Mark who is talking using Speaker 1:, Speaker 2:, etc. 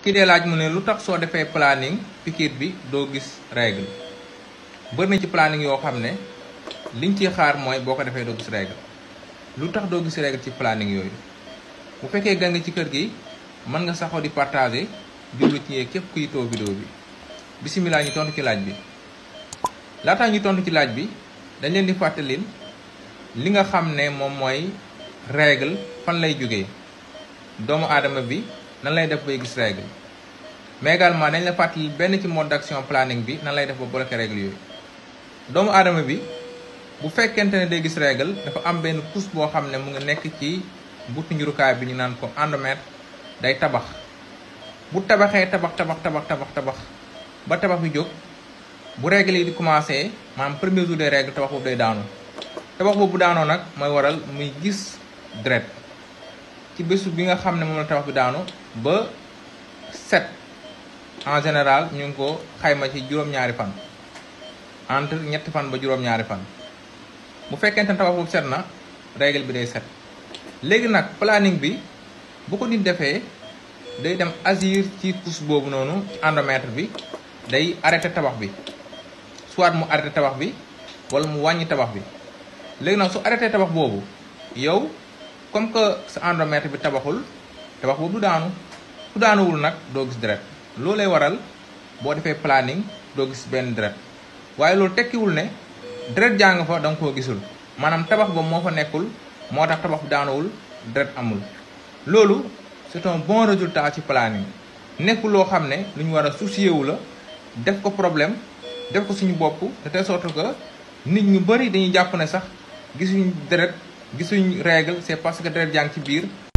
Speaker 1: ki dee laaj mu ne lu tax soo defee planning pikiir bi doo gis règle bëri na ci planning yoo xam ne liñ ciy xaar mooy boo ko defee doo gis règle lu tax doo gis règle ci planning yooyu bu fekkee gan nga ci kër gi mën nga saxoo di partager jublu ci ñee képp kuy too vidéo bi bisimilah ñu tontu ci laaj bi laataa ñu tontu ci laaj bi dañ leen di fàttalil li nga xam ne moom mooy règle fan lay jógee doomu aadama bi nan lay def bay gis règle mais également dañ la fàttali benn ci mode action planning bi nan lay def ba bloquer règle yooyu doomu aadama bi bu fekkente ne day gis règle dafa am benn pouce boo xam ne mu ngi nekk ci butu njurukaay bi ñu naan ko endomètre day tabax bu tabaxee tabax tabax tabax tabax tabax ba tabax bi jóg bu règle yi di commencé maanaam premier jour des règles tabax boobu day daanu tabax boobu daanoo nag mooy waral muy gis dret ci bésu bi nga xam ne moom la tabax bi daanu ba set en général ñu ngi ko xayma ci juróom-ñaari fan entre ñett fan ba juróom-ñaari fan bu fekkente ne tabax boobu set na règle bi day set léegi nag planning bi bu ko nit defee day dem asir ci couche boobu noonu ci bi day arrêté tabax bi soit mu arrêté tabax bi wala mu wàññi tabax bi léegi nag su arrêté tabax boobu yow comme que sa endomètre bi tabaxul tabax boobu du daanu du daanuwul nag doo gis deret loolu waral boo defee planning doo gis benn deret waaye loolu tekkiwul ne deret jaa nga fa da nga koo gisul maanaam tabax ba moo fa nekkul moo tax tabax bi daanuwul deret amul loolu c'est un bon résultat ci planning nekkul loo xam ne lu ñu war a soucier wu la def ko problème def ko suñu bopp de telle sorte que nit ñu bëri dañuy jàpp ne sax gisuñu deret gisuñ règle c'est parce que deret jàng ci biir